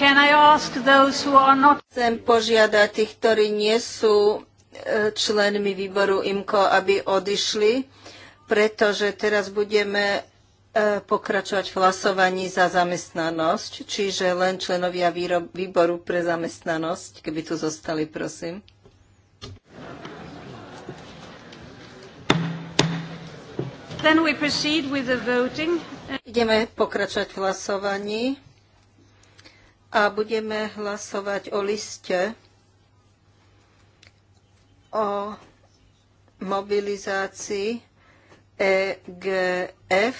Can I ask those who are not... Chcem požiadať tých, ktorí nie sú e, členmi výboru IMCO, aby odišli, pretože teraz budeme e, pokračovať v hlasovaní za zamestnanosť, čiže len členovia výboru pre zamestnanosť, keby tu zostali, prosím. Then we proceed with the voting. Ideme pokračovať v hlasovaní a budeme hlasovať o liste o mobilizácii EGF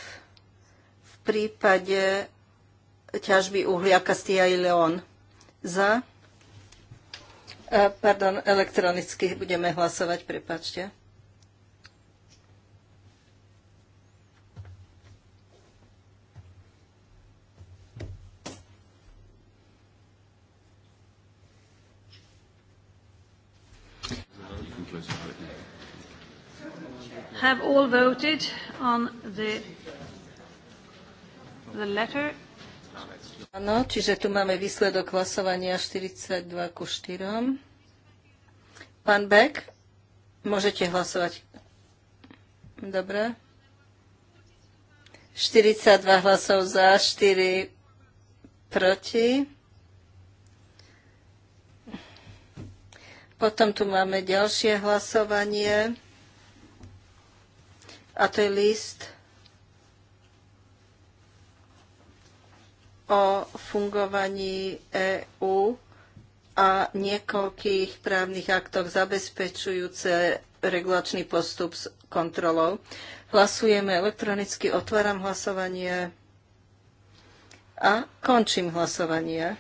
v prípade ťažby uhlia Castilla i León. Za. E, pardon, elektronicky budeme hlasovať, prepačte. Have all voted on the, the letter? Áno, čiže tu máme výsledok hlasovania 42 ku 4. Pán Beck, môžete hlasovať. Dobre. 42 hlasov za, 4 proti. Potom tu máme ďalšie hlasovanie. A to je list o fungovaní EÚ a niekoľkých právnych aktoch zabezpečujúce regulačný postup s kontrolou. Hlasujeme elektronicky, otváram hlasovanie a končím hlasovanie.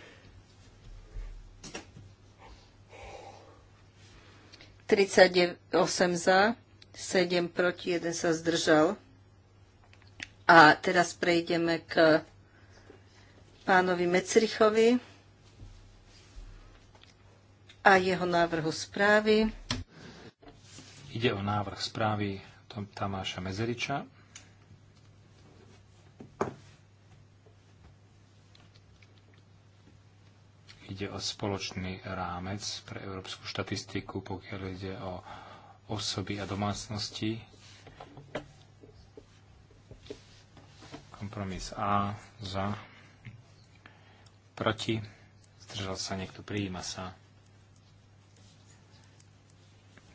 38 za, 7 proti, 1 sa zdržal. A teraz prejdeme k pánovi Mecrichovi a jeho návrhu správy. Ide o návrh správy Tamáša Mezeriča. Ide o spoločný rámec pre európsku štatistiku, pokiaľ ide o osoby a domácnosti. Kompromis A za. Proti. Zdržal sa niekto. Prijíma sa.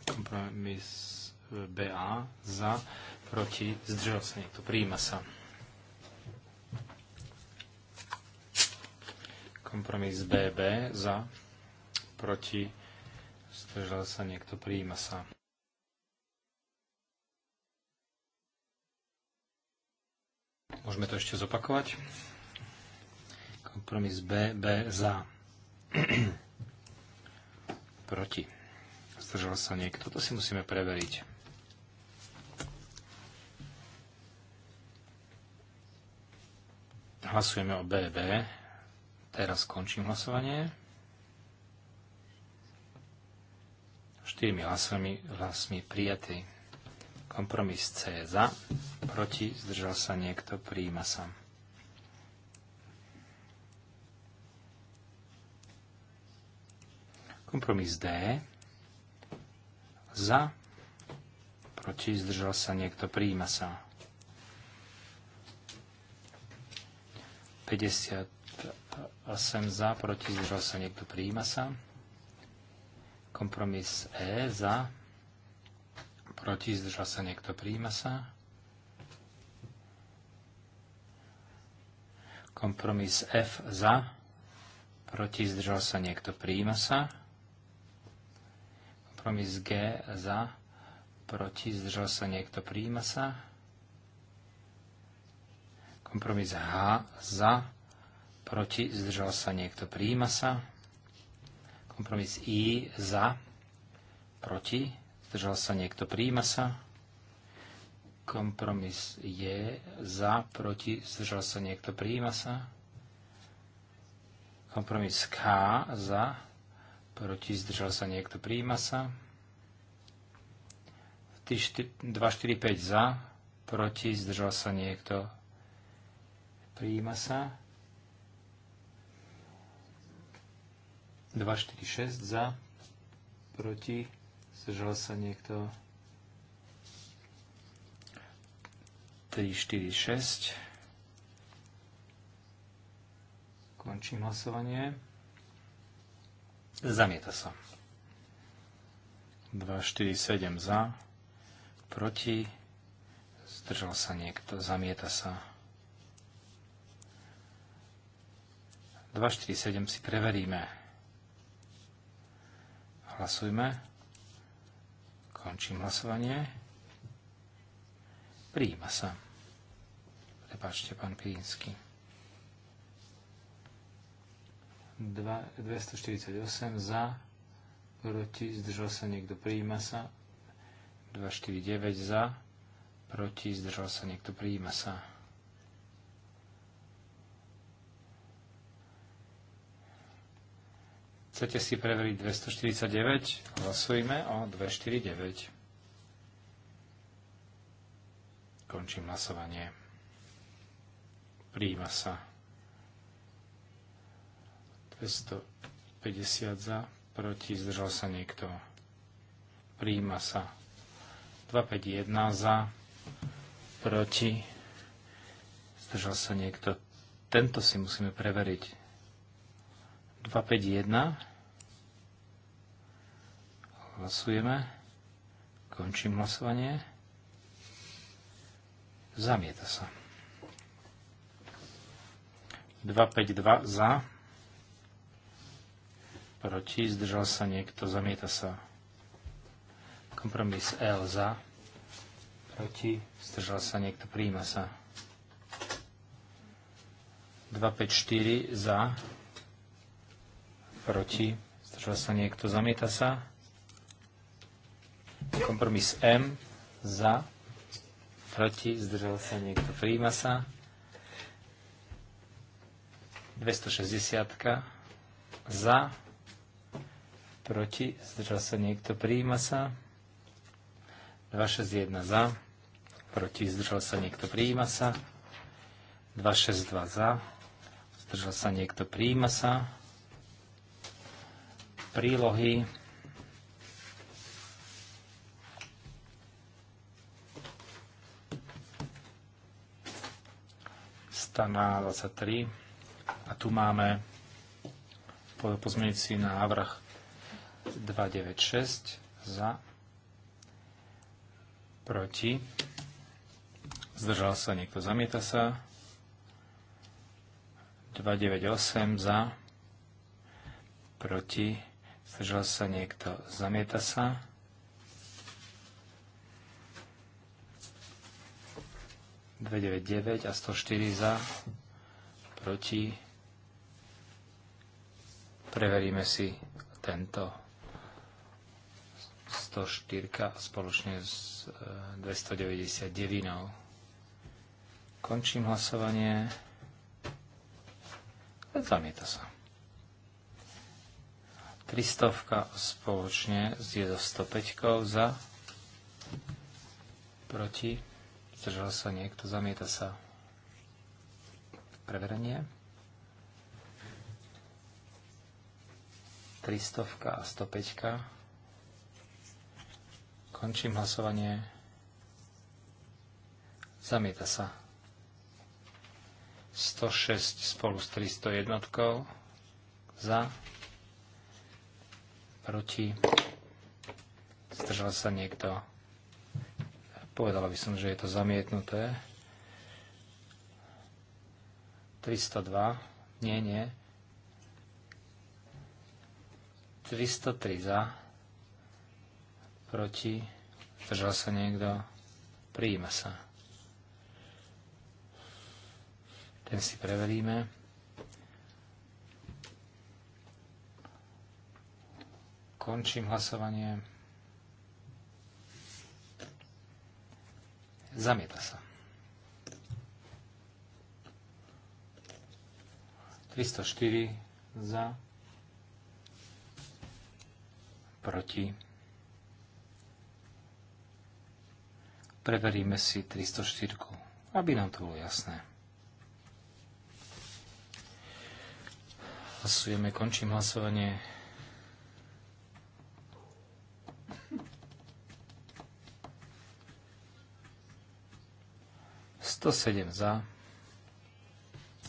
Kompromis BA za, proti, zdržal sa niekto, prijíma sa. Kompromis BB za, proti, zdržal sa niekto, prijíma sa. Môžeme to ešte zopakovať. Kompromis B, B za. Proti. Zdržal sa niekto. To si musíme preveriť. Hlasujeme o BB. Teraz končím hlasovanie. 4 hlasami, hlasmi prijatý. Kompromis C je za, proti, zdržal sa niekto, prijíma sa. Kompromis D za, proti, zdržal sa niekto, prijíma sa. 58 za, proti, zdržal sa niekto, prijíma sa. Kompromis E za, proti, zdržal sa niekto, príjma sa. Kompromis F za, proti, zdržal sa niekto, príjma sa. Kompromis G za, proti, zdržal sa niekto, príjma sa. Kompromis H za, proti, zdržal sa niekto, príjma sa. Kompromis I za, proti, zdržal sa niekto, príjima sa. Kompromis je za, proti, zdržal sa niekto, príjima sa. Kompromis K za, proti, zdržal sa niekto, príjima sa. 245 za, proti, zdržal sa niekto, príjima sa. 246 za, proti, Zdržal sa niekto? 3, 4, 6. Končím hlasovanie. Zamieta sa. 2, 4, 7 za. Proti. Zdržal sa niekto. Zamieta sa. 2, 4, 7 si preveríme. Hlasujme. Končím hlasovanie. Prijíma sa. prepačte, pán Pirínsky. 248 za, proti, zdržal sa niekto, prijíma sa. 249 za, proti, zdržal sa niekto, prijíma sa. Chcete si preveriť 249? Hlasujme o 249. Končím hlasovanie. Príjima sa. 250 za, proti, zdržal sa niekto. Príjima sa. 251 za, proti, zdržal sa niekto. Tento si musíme preveriť. 251. Hlasujeme. Končím hlasovanie. Zamieta sa. 252 za. Proti. Zdržal sa niekto. Zamieta sa. Kompromis L za. Proti. Zdržal sa niekto. Príjma sa. 254 za proti, zdržal sa niekto, zamieta sa. Kompromis M, za, proti, zdržal sa niekto, prijíma sa. 260 za, proti, zdržal sa niekto, prijíma sa. 261 za, proti, zdržal sa niekto, prijíma sa. 262 za, zdržal sa niekto, prijíma sa prílohy. Stana 23. A tu máme pozmeňujúci návrh 296 za proti zdržal sa niekto, zamieta sa 298 za proti Zdržal sa niekto? Zamieta sa. Dve a 104 za. Proti. Preveríme si tento 104 spoločne s 299. E, Končím hlasovanie. Zamieta sa. 300 spoločne s 105 za, proti, zdržal sa niekto, zamieta sa. Preverenie. 300 a 105. Končím hlasovanie. Zamieta sa. 106 spolu s 301 za proti, zdržal sa niekto. Povedala by som, že je to zamietnuté. 302, nie, nie. 303 za, proti, zdržal sa niekto, prijíma sa. Ten si preveríme. Končím hlasovanie. Zamieta sa. 304 za, proti. Preveríme si 304, aby nám to bolo jasné. Hlasujeme, končím hlasovanie. 107 za.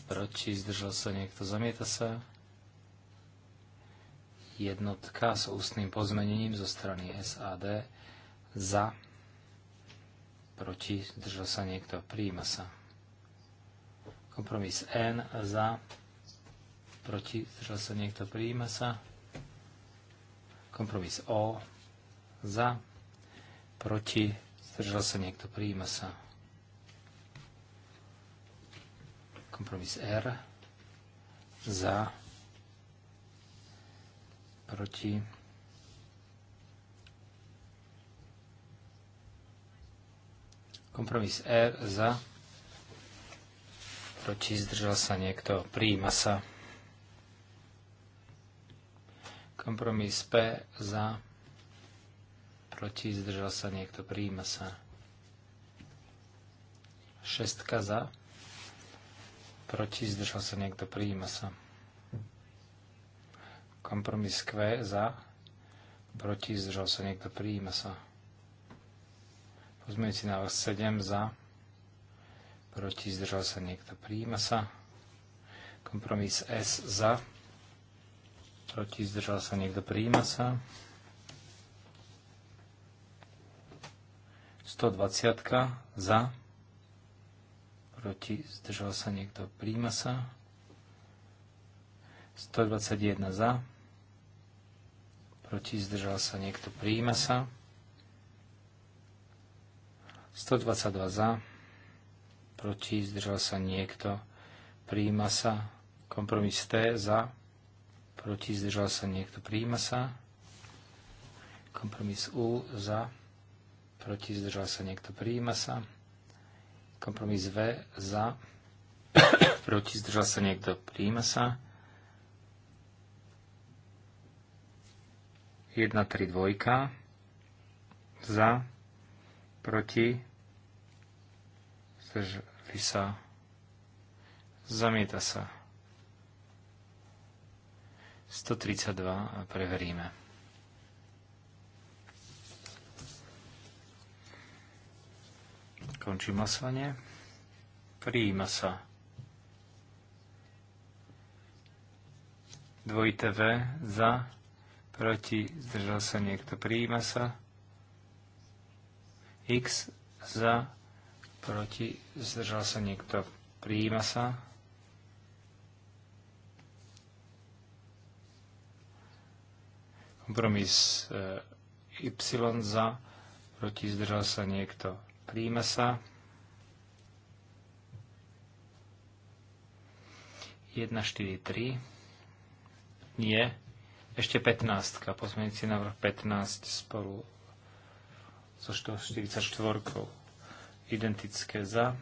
Proti, zdržal sa niekto, zamieta sa. Jednotka s ústnym pozmenením zo strany SAD za. Proti, zdržal sa niekto, prijíma sa. Kompromis N za. Proti, zdržal sa niekto, prijíma sa. Kompromis O za. Proti, zdržal sa niekto, prijíma sa Kompromis R za, proti, kompromis R za, proti, zdržal sa niekto, príjma sa. Kompromis P za, proti, zdržal sa niekto, príjma sa. Šestka za, proti, zdržal sa niekto, prijíma sa. Kompromis Q za, proti, zdržal sa niekto, prijíma sa. Pozmeňujúci návrh 7 za, proti, zdržal sa niekto, prijíma sa. Kompromis S za, proti, zdržal sa niekto, prijíma sa. 120 za, proti, zdržal sa niekto, príjma sa. 121 za, proti, zdržal sa niekto, príjma sa. 122 za, proti, zdržal sa niekto, príjma sa. Kompromis T za, proti, zdržal sa niekto, príjma sa. Kompromis U za, proti, zdržal sa niekto, príjma sa. Kompromis V za. Proti zdržal sa niekto. Príjima sa. 1, 3, 2. Za. Proti. Zdržali sa. Zamieta sa. 132 a preveríme. Končím hlasovanie. Prijíma sa. Dvojité V za, proti, zdržal sa niekto, prijíma sa. X za, proti, zdržal sa niekto, prijíma sa. Kompromis eh, Y za, proti, zdržal sa niekto, Príjme sa. Jedna, štyri, tri. Nie. Ešte 15. Pozmeňujúci návrh 15 spolu so 44. Identické za.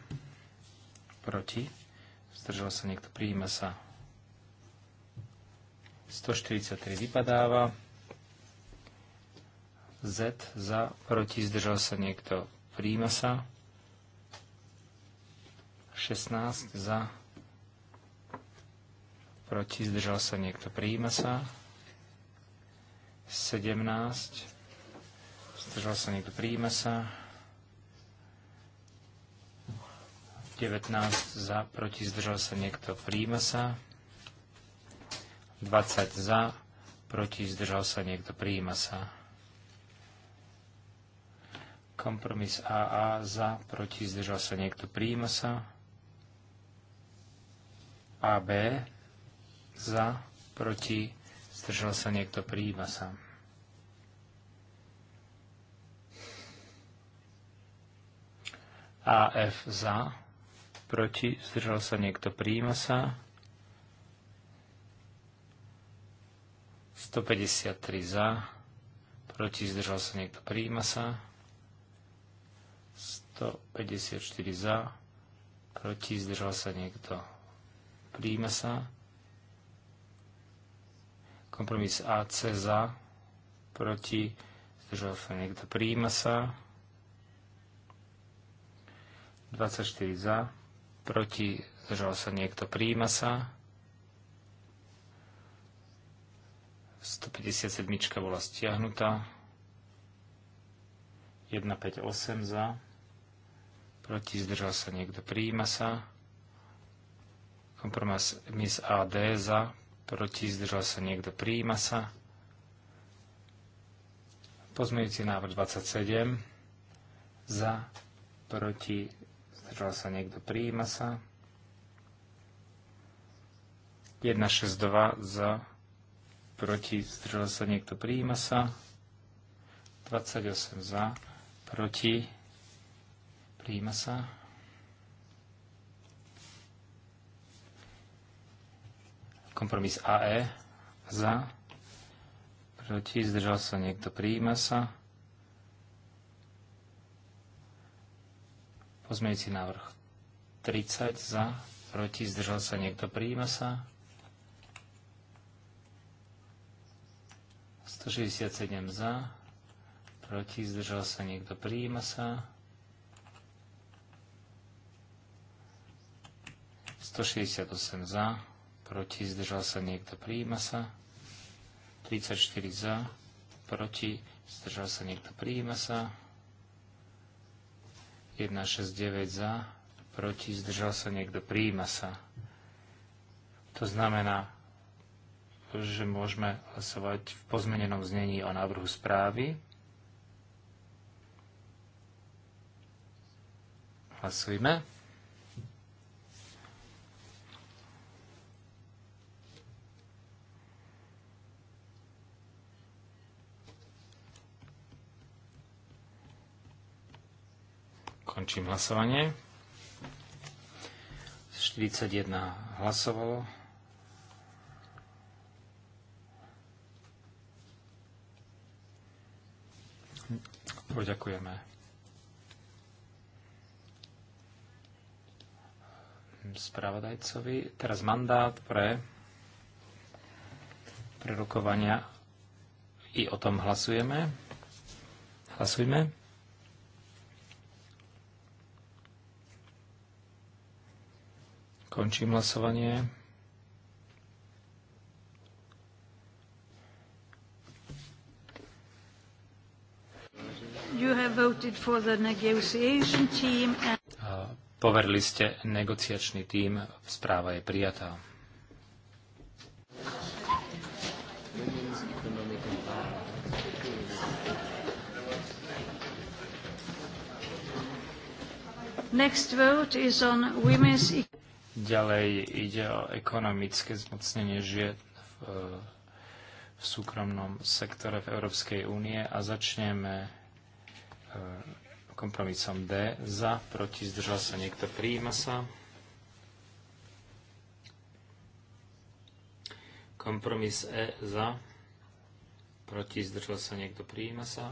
Proti. Zdržal sa niekto. Príjme sa. 143 vypadáva. Z za, proti, zdržal sa niekto, príjma sa. 16 za, proti, zdržal sa niekto, príjma sa. 17, zdržal sa niekto, príjma sa. 19 za, proti, zdržal sa niekto, príjma sa. 20 za, proti, zdržal sa niekto, príjma sa. Kompromis AA za, proti, zdržal sa niekto, prijíma sa. AB za, proti, zdržal sa niekto, prijíma sa. AF za, proti, zdržal sa niekto, prijíma sa. 153 za, proti, zdržal sa niekto, prijíma sa. 154 za, proti, zdržal sa niekto. Príjme sa. Kompromis AC za, proti, zdržal sa niekto. Príjme sa. 24 za, proti, zdržal sa niekto. Príjme sa. 157 bola stiahnutá. 158 za proti, zdržal sa niekto, prijíma sa. Kompromis mis AD za, proti, zdržal sa niekto, prijíma sa. Pozmeňujúci návrh 27 za, proti, zdržal sa niekto, prijíma sa. 162 za, proti, zdržal sa niekto, prijíma sa. 28 za, proti, Príjima sa. Kompromis AE. Za. Proti. Zdržal sa niekto. Príjima sa. Pozmejúci návrh 30 za, proti, zdržal sa niekto, prijíma sa. 167 za, proti, zdržal sa niekto, prijíma sa. 168 za, proti, zdržal sa niekto, prijíma sa. 34 za, proti, zdržal sa niekto, prijíma sa. 169 za, proti, zdržal sa niekto, prijíma sa. To znamená, že môžeme hlasovať v pozmenenom znení o návrhu správy. Hlasujme. Končím hlasovanie. 41 hlasovalo. Poďakujeme. Spravodajcovi. Teraz mandát pre prerokovania. I o tom hlasujeme. Hlasujme. Končím hlasovanie. You have voted for the negotiation team and... Poverili ste negociačný tím, správa je prijatá. Next vote is on women's equality. Ďalej ide o ekonomické zmocnenie žien v, v súkromnom sektore v Európskej únie a začneme e, kompromisom D. Za, proti, zdržal sa niekto, prijíma sa. Kompromis E za, proti, zdržal sa niekto, prijíma sa.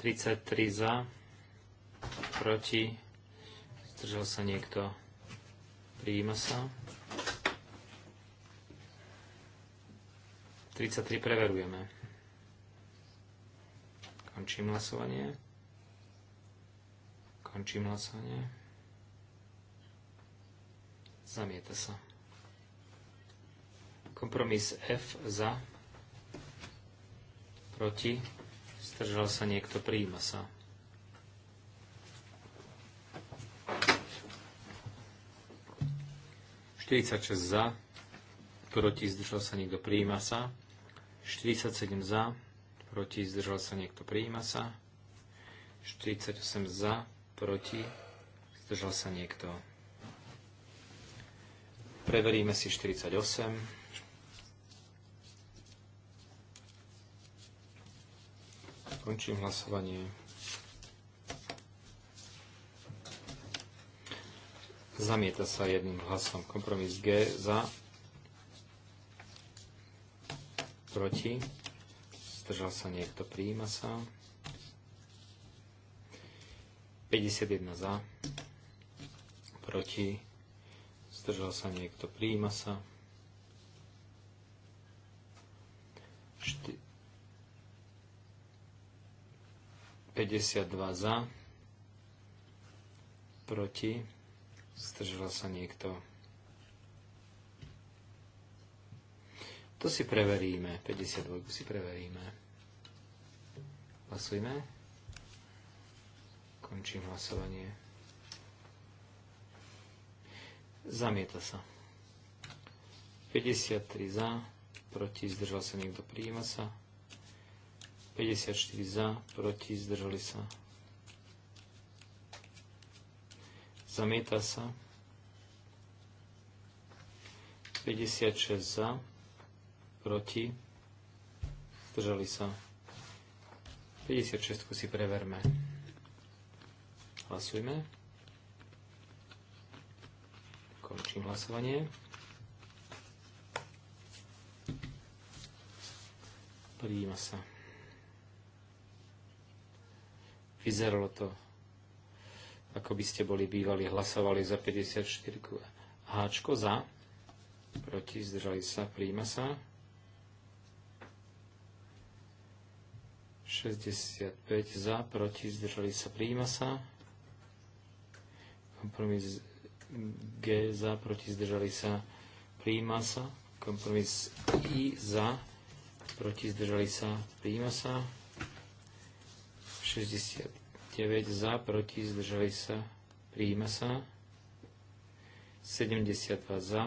33 za, proti, Zdržal sa niekto? Prijíma sa. 33 preverujeme. Končím hlasovanie. Končím hlasovanie. Zamieta sa. Kompromis F za. Proti. Zdržal sa niekto, prijíma sa. 46 za, proti zdržal sa niekto, prijíma sa. 47 za, proti zdržal sa niekto, prijíma sa. 48 za, proti zdržal sa niekto. Preveríme si 48. Končím hlasovanie. Zamieta sa jedným hlasom. Kompromis G za. Proti. Zdržal sa niekto. Prijíma sa. 51 za. Proti. Zdržal sa niekto. Prijíma sa. 52 za, proti Zdržal sa niekto. To si preveríme. 52 si preveríme. Hlasujme. Končím hlasovanie. Zamieta sa. 53 za, proti, zdržal sa niekto, prijíma sa. 54 za, proti, zdržali sa, Zamieta sa. 56 za. Proti. Zdržali sa. 56 si preverme. Hlasujme. Končím hlasovanie. Prijíma sa. Vyzeralo to ako by ste boli bývali, hlasovali za 54. Háčko za, proti, zdržali sa, príjma sa. 65 za, proti, zdržali sa, príjma sa. Kompromis G za, proti, zdržali sa, príjma sa. Kompromis I za, proti, zdržali sa, príjma sa. 60 9 za, proti, zdržali sa, príjima sa. 72 za.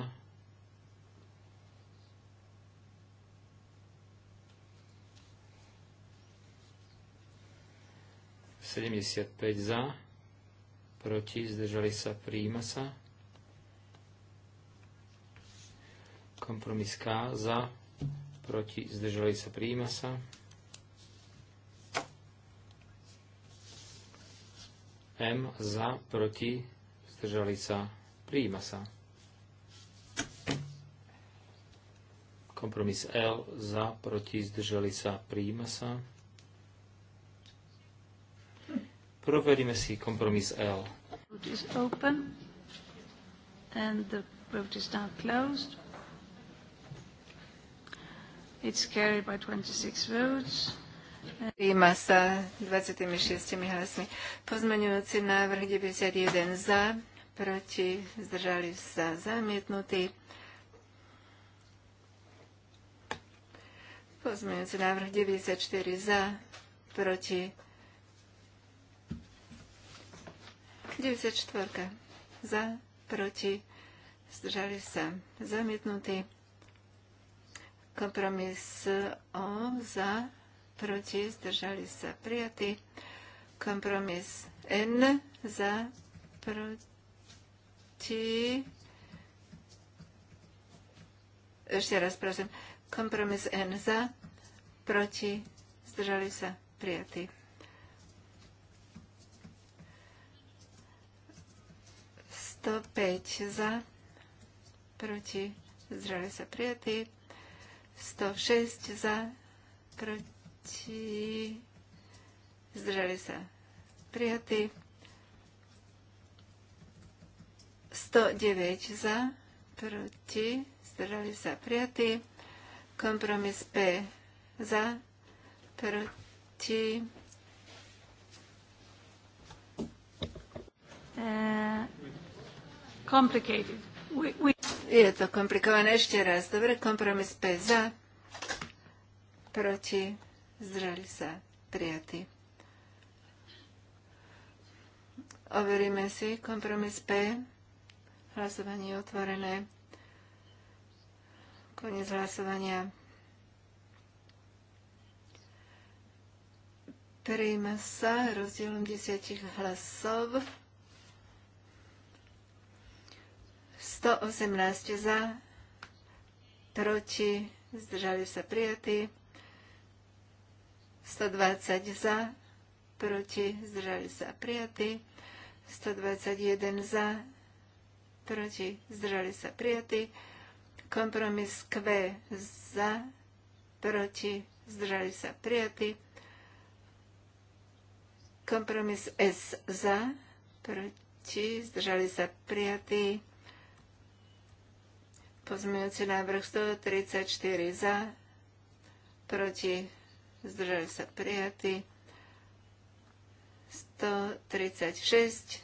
Sedemdesiat päť za, proti, zdržali sa, príjima sa. Kompromis K za, proti, zdržali sa, príjima sa. M za, proti, zdržali sa, prijíma sa. Kompromis L za, proti, zdržali sa, prijíma sa. Proveríme si kompromis L. Vote is open and the vote is now closed. It's carried by 26 votes. Príjma sa 26 hlasmi. Pozmeňujúci návrh 91 za, proti, zdržali sa zamietnutí. Pozmeňujúci návrh 94 za, proti 94 za, proti, zdržali sa zamietnutí. Kompromis O za, proti, zdržali sa prijatí. Kompromis N za, proti. Ešte raz prosím. Kompromis N za, proti, zdržali sa prijatí. Sto päť za, proti, zdržali sa prijatí. 106 za, proti proti, zdržali sa prijatí. 109 za, proti, zdržali sa prijatí. Kompromis P za, proti. Eh, Je to komplikované ešte raz. Dobre, kompromis P za, proti zdržali sa prijatí. Overíme si kompromis P. Hlasovanie je otvorené. Koniec hlasovania. Prijíma sa rozdielom desiatich hlasov. 118 za, proti, zdržali sa prijatí. 120 za, proti, zdržali sa prijatí. 121 za, proti, zdržali sa prijatí. Kompromis Q za, proti, zdržali sa prijatí. Kompromis S za, proti, zdržali sa prijatí. Pozmeňujúci návrh 134 za, proti, zdržali sa prijatí. 136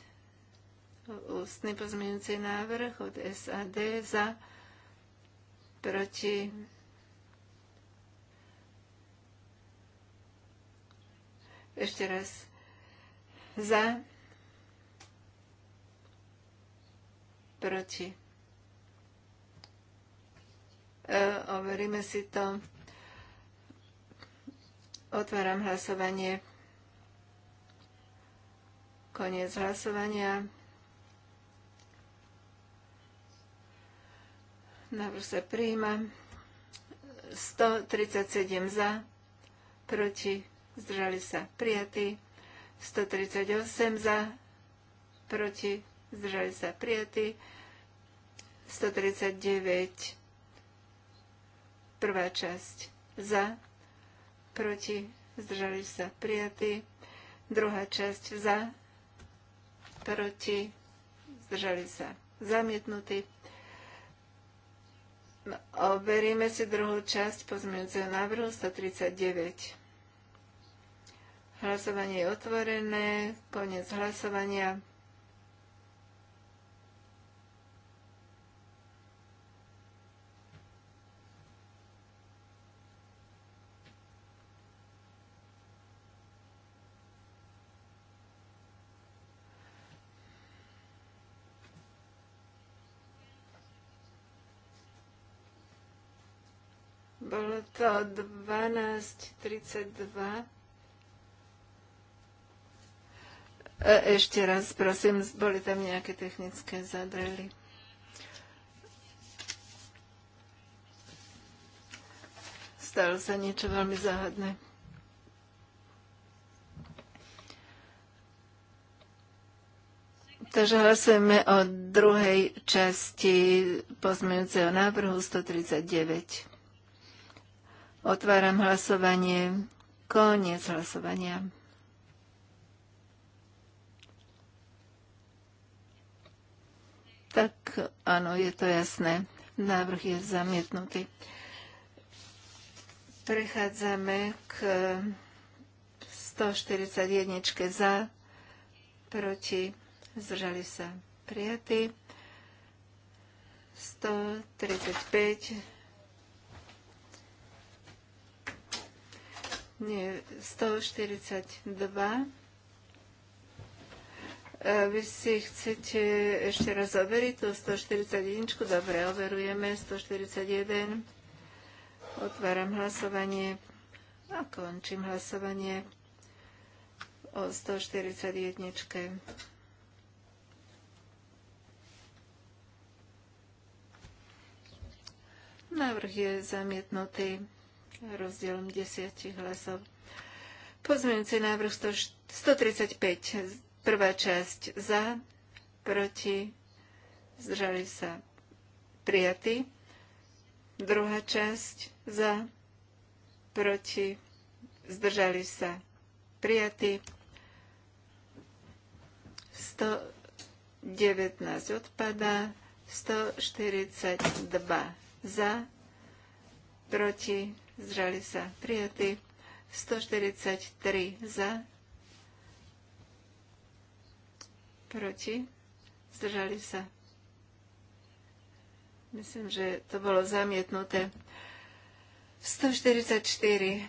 ústny pozmienci návrh od SAD za proti ešte raz za proti. E, overíme si to. Otváram hlasovanie. Koniec hlasovania. Návrh sa príjma. 137 za, proti, zdržali sa prijatí. 138 za, proti, zdržali sa prijatí. 139 prvá časť za, proti, zdržali sa prijatí. Druhá časť za, proti, zdržali sa zamietnutí. No, overíme si druhú časť pozmeňujúceho návrhu 139. Hlasovanie je otvorené, koniec hlasovania Bolo hm, to 12.32. E, ešte raz, prosím, boli tam nejaké technické zadrely. Stalo sa niečo veľmi záhadné. Takže hlasujeme o druhej časti pozmeňujúceho návrhu 139. Otváram hlasovanie. Koniec hlasovania. Tak áno, je to jasné. Návrh je zamietnutý. Prechádzame k 141 za, proti, zdržali sa prijatí. 135 nie, 142. E, vy si chcete ešte raz overiť to 141? Dobre, overujeme 141. Otváram hlasovanie a končím hlasovanie o 141. Návrh je zamietnutý rozdielom desiatich hlasov. Pozmeňujúci návrh 135, prvá časť za, proti, zdržali sa prijatí. Druhá časť za, proti, zdržali sa prijatí. 119 odpadá, 142 za, proti, zdrali sa prijatí, 143 za, proti, zdržali sa. Myslím, že to bolo zamietnuté. 144.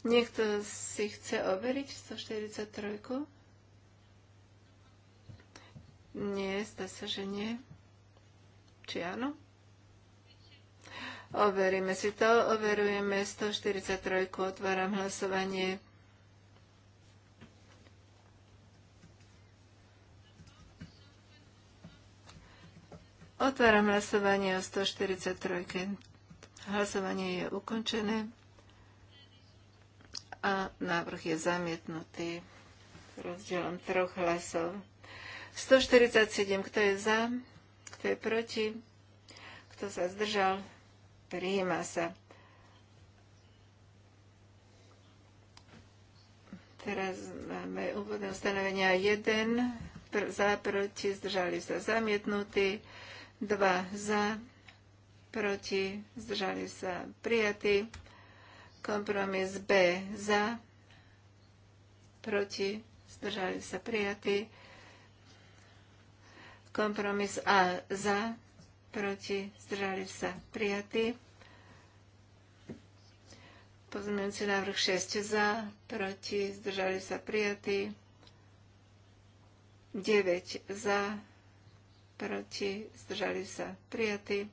Niekto si chce overiť 143? Nie, zdá sa, že nie. Či áno? Overíme si to. Overujeme 143. Otváram hlasovanie. Otváram hlasovanie o 143. Hlasovanie je ukončené a návrh je zamietnutý rozdielom troch hlasov. 147, kto je za? Kto je proti? Kto sa zdržal? Prijíma sa. Teraz máme úvodné ustanovenia 1 pr- za, proti, zdržali sa zamietnutí, 2 za, proti, zdržali sa prijatí, kompromis B za, proti, zdržali sa prijatí, Kompromis A za, proti, zdržali sa prijatý. Pozmeňujúci návrh 6 za, proti, zdržali sa prijatý. 9 za, proti, zdržali sa prijatý.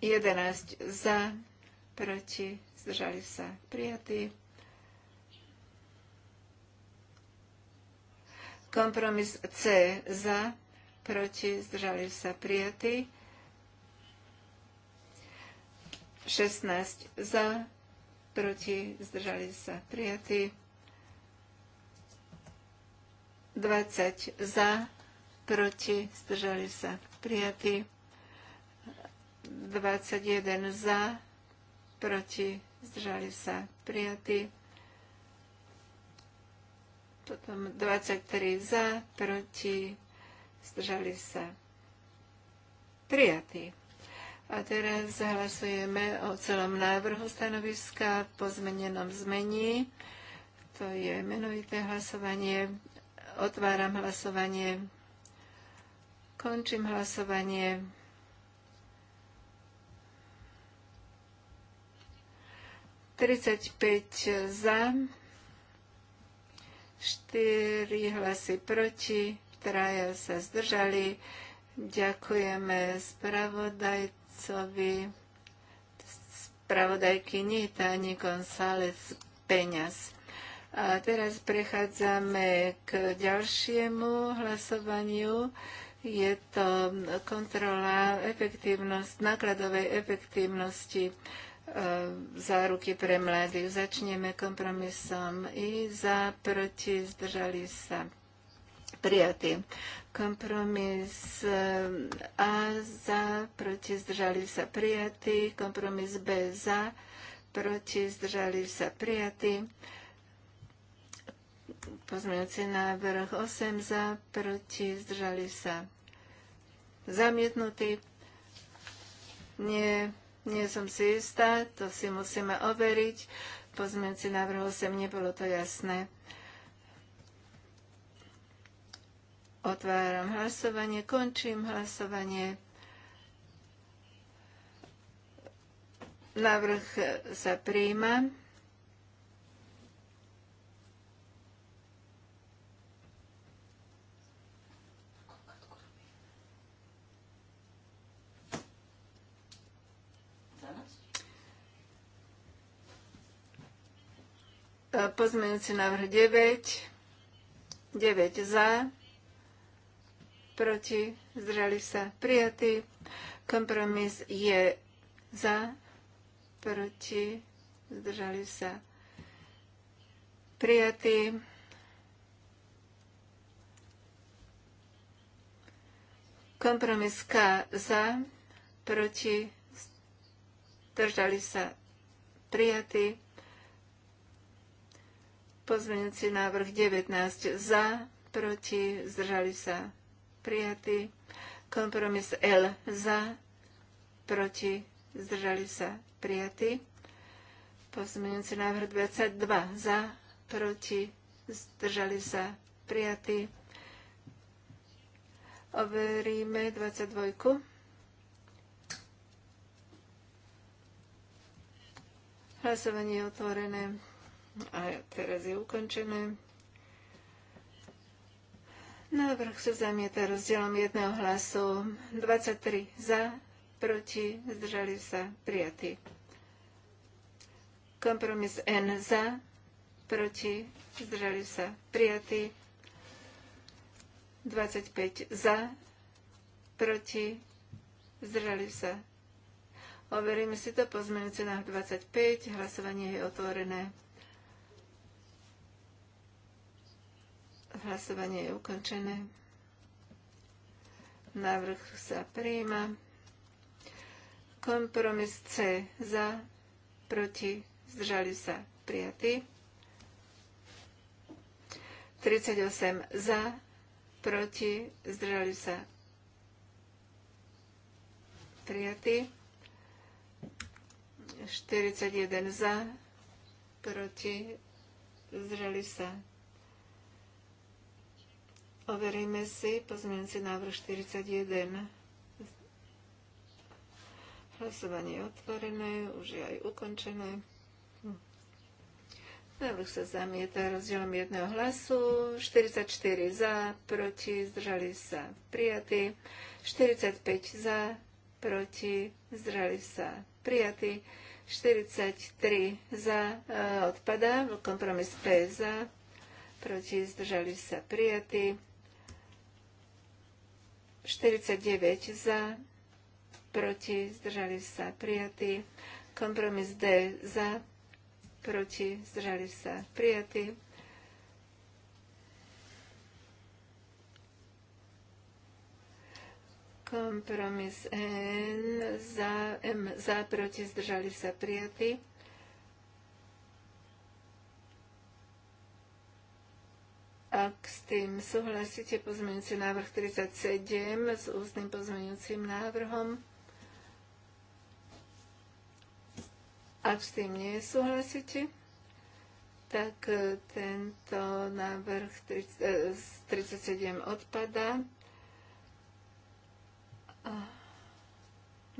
11 za, proti, zdržali sa prijatý. Kompromis C za, proti, zdržali sa prijatí. 16 za, proti, zdržali sa prijatí. 20 za, proti, zdržali sa prijatí. 21 za, proti, zdržali sa prijatí. Potom 23 za, proti, zdržali sa. Prijatý. A teraz hlasujeme o celom návrhu stanoviska po zmenenom zmení. To je menovité hlasovanie. Otváram hlasovanie. Končím hlasovanie. 35 za, 4 hlasy proti, traja sa zdržali. Ďakujeme spravodajcovi, spravodajky Tani González Peňaz. A teraz prechádzame k ďalšiemu hlasovaniu. Je to kontrola efektívnosť, nákladovej efektívnosti E, záruky pre mladých. Začneme kompromisom i za, proti, zdržali sa prijatý. Kompromis e, A za, proti, zdržali sa prijatý. Kompromis B za, proti, zdržali sa prijatý. Pozmeňujúci návrh 8 za, proti, zdržali sa zamietnutý. Nie nie som si istá, to si musíme overiť. Pozmienci návrhu 8 nebolo to jasné. Otváram hlasovanie, končím hlasovanie. Návrh sa príjma. Pozmeňujúci návrh 9. 9 za. Proti. Zdržali sa. Prijatý. Kompromis je za. Proti. Zdržali sa. Prijatý. Kompromis K za, proti, zdržali sa prijatí. Pozmeňujúci návrh 19 za, proti, zdržali sa prijatí. Kompromis L za, proti, zdržali sa prijatí. Pozmeňujúci návrh 22 za, proti, zdržali sa prijatí. Overíme 22. Hlasovanie je otvorené. A teraz je ukončené. Návrh sa zamieta rozdielom jedného hlasu. 23 za, proti, zdržali sa, prijatí. Kompromis N za, proti, zdržali sa, prijatí. 25 za, proti, zdržali sa. Overíme si to pozmenujúce na 25, hlasovanie je otvorené. Hlasovanie je ukončené. Návrh sa prijíma. Kompromis C za, proti, zdržali sa prijatí. 38 za, proti, zdržali sa prijatí. 41 za, proti, zdržali sa Overíme si pozmienci návrh 41. Hlasovanie je otvorené, už je aj ukončené. Návrh sa zamieta rozdielom jedného hlasu. 44 za, proti, zdržali sa prijatí. 45 za, proti, zdržali sa prijatí. 43 za, e, odpadá, kompromis P za, proti, zdržali sa prijatí. 49 za, proti, zdržali sa prijatí. Kompromis D za, proti, zdržali sa prijatí. Kompromis N za, M za, proti, zdržali sa prijatí. Ak s tým súhlasíte, pozmeňujúci návrh 37 s ústnym pozmeňujúcim návrhom. Ak s tým nesúhlasíte, tak e, tento návrh 37 e, odpadá.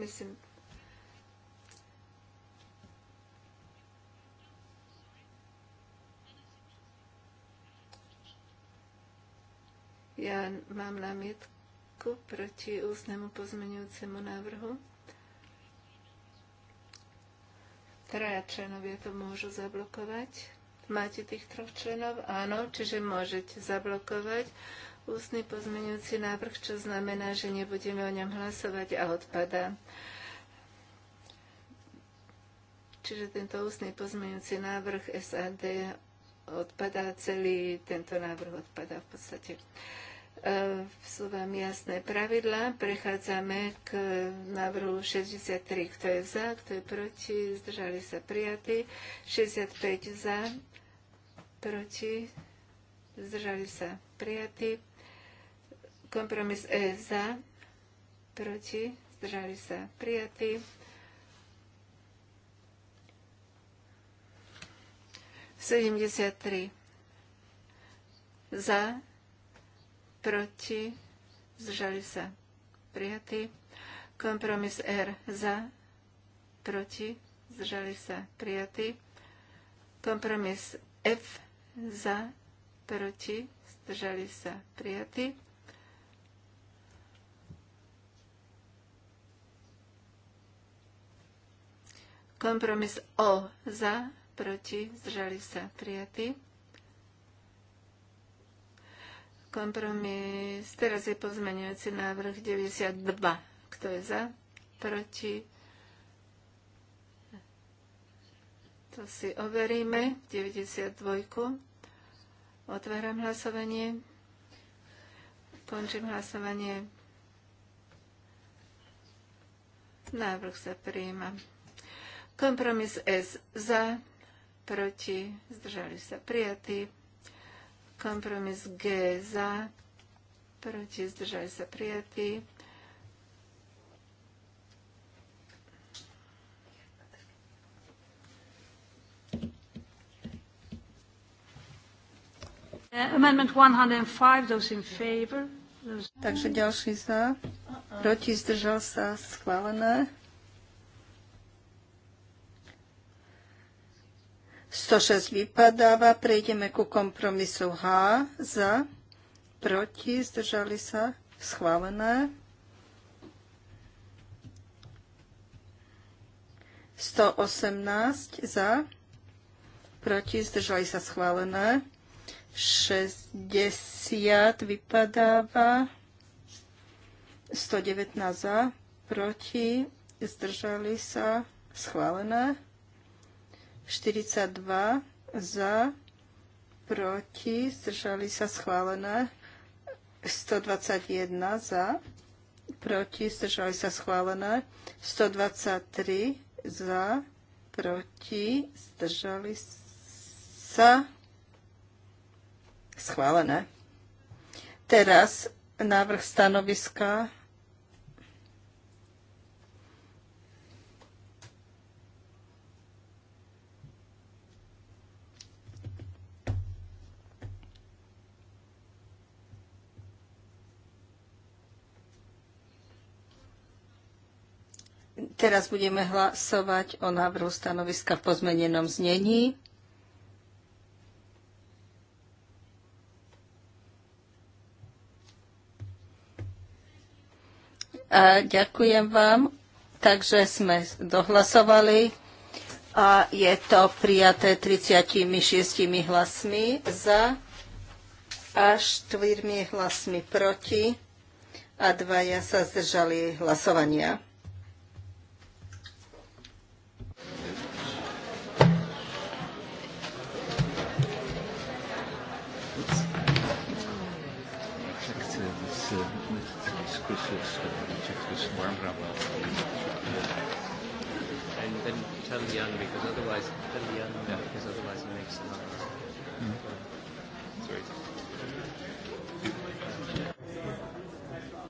Myslím, Ja mám námietku proti ústnemu pozmenujúcemu návrhu. Traja členovia to môžu zablokovať. Máte tých troch členov? Áno, čiže môžete zablokovať ústny pozmenujúci návrh, čo znamená, že nebudeme o ňom hlasovať a odpadá. Čiže tento ústny pozmenujúci návrh SAD odpadá, celý tento návrh odpadá v podstate. E, sú vám jasné pravidlá. Prechádzame k návrhu 63. Kto je za, kto je proti, zdržali sa prijatí. 65 za, proti, zdržali sa prijatí. Kompromis E za, proti, zdržali sa prijatí. tri za, proti, zdržali sa prijatý. Kompromis R za, proti, zdržali sa prijatí. Kompromis F za, proti, zdržali sa prijatý. Kompromis O za, proti, zdržali sa prijatí. Kompromis. Teraz je pozmeňujúci návrh 92. Kto je za? Proti? To si overíme. 92. Otváram hlasovanie. Končím hlasovanie. Návrh sa prijíma. Kompromis S za, proti, zdržali sa prijatí. Kompromis G za, proti, zdržali sa prijatí. Amendment 105, those in favor. Those... Takže ďalší za, proti, zdržal sa, schválené. 106 vypadáva, prejdeme ku kompromisu H za, proti, zdržali sa, schválené. 118 za, proti, zdržali sa, schválené. 60 vypadáva, 119 za, proti, zdržali sa, schválené. 42 za, proti, zdržali sa schválené. 121 za, proti, zdržali sa schválené. 123 za, proti, zdržali sa schválené. Teraz návrh stanoviska Teraz budeme hlasovať o návrhu stanoviska v pozmenenom znení. A ďakujem vám. Takže sme dohlasovali a je to prijaté 36 hlasmi za a 4 hlasmi proti a dvaja sa zdržali hlasovania. worm grab well. And then tell the young because otherwise tell young, yeah. because otherwise it makes sense. Mm. Mm-hmm.